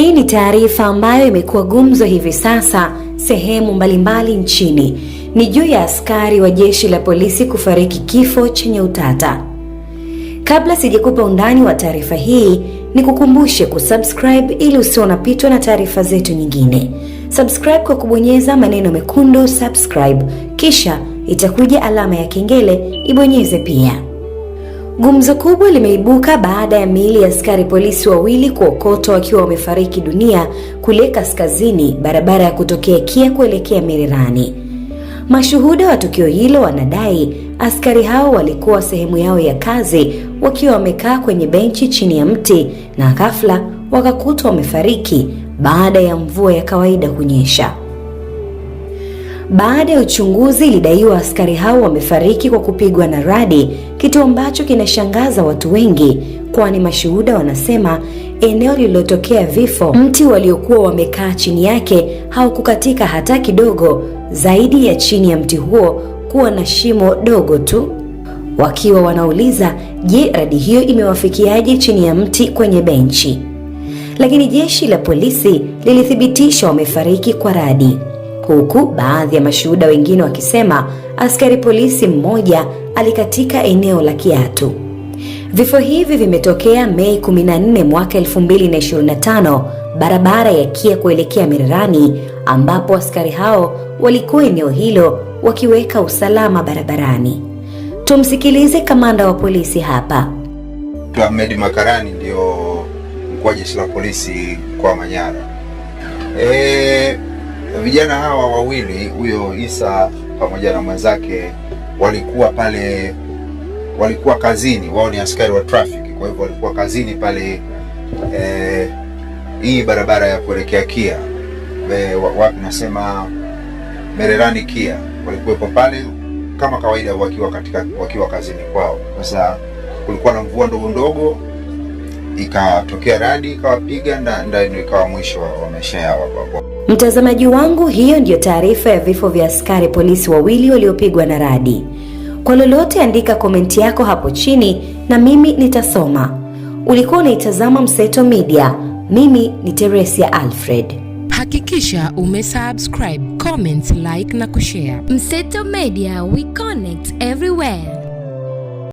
Hii ni taarifa ambayo imekuwa gumzo hivi sasa sehemu mbalimbali nchini. Ni juu ya askari wa jeshi la polisi kufariki kifo chenye utata. Kabla sijakupa undani wa taarifa hii, nikukumbushe kusubscribe ili usio unapitwa na taarifa zetu nyingine. Subscribe kwa kubonyeza maneno mekundu subscribe, kisha itakuja alama ya kengele, ibonyeze pia. Gumzo kubwa limeibuka baada ya miili ya askari polisi wawili kuokotwa wakiwa wamefariki dunia kule kaskazini, barabara ya kutokea Kia kuelekea Mererani. Mashuhuda wa tukio hilo wanadai askari hao walikuwa sehemu yao ya kazi wakiwa wamekaa kwenye benchi chini ya mti, na ghafla wakakutwa wamefariki baada ya mvua ya kawaida kunyesha. Baada ya uchunguzi, ilidaiwa askari hao wamefariki kwa kupigwa na radi, kitu ambacho kinashangaza watu wengi, kwani mashuhuda wanasema eneo lililotokea vifo, mti waliokuwa wamekaa chini yake haukukatika hata kidogo, zaidi ya chini ya mti huo kuwa na shimo dogo tu. Wakiwa wanauliza, je, radi hiyo imewafikiaje chini ya mti kwenye benchi? Lakini jeshi la polisi lilithibitisha wamefariki kwa radi huku baadhi ya mashuhuda wengine wakisema askari polisi mmoja alikatika eneo la kiatu. Vifo hivi vimetokea Mei 14 mwaka 2025 barabara ya Kia kuelekea Mererani, ambapo askari hao walikuwa eneo hilo wakiweka usalama barabarani. Tumsikilize kamanda wa polisi hapa. Ahmed Makarani ndio mkuu wa jeshi la polisi kwa Manyara. E, vijana hawa wawili, huyo Isa pamoja na mwenzake, walikuwa pale, walikuwa kazini. Wao ni askari wa traffic, kwa hivyo walikuwa kazini pale eh, hii barabara ya kuelekea Kia wapi, nasema Mererani Kia, walikuwepo pale kama kawaida wakiwa katika, wakiwa kazini kwao. Sasa kulikuwa na mvua ndogo ndogo, ikatokea radi ikawapiga, ndio ikawa mwisho wa maisha yao. Mtazamaji wangu, hiyo ndiyo taarifa ya vifo vya askari polisi wawili waliopigwa na radi. Kwa lolote, andika komenti yako hapo chini na mimi nitasoma. Ulikuwa unaitazama Mseto Media, mimi ni Teresia Alfred. Hakikisha umesubscribe, comment, like na kushare. Mseto Media, we connect everywhere.